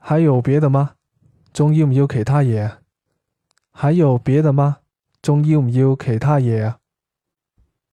還有別的嗎？仲要唔要其他嘢啊？還有別的嗎？仲要唔要其他嘢啊？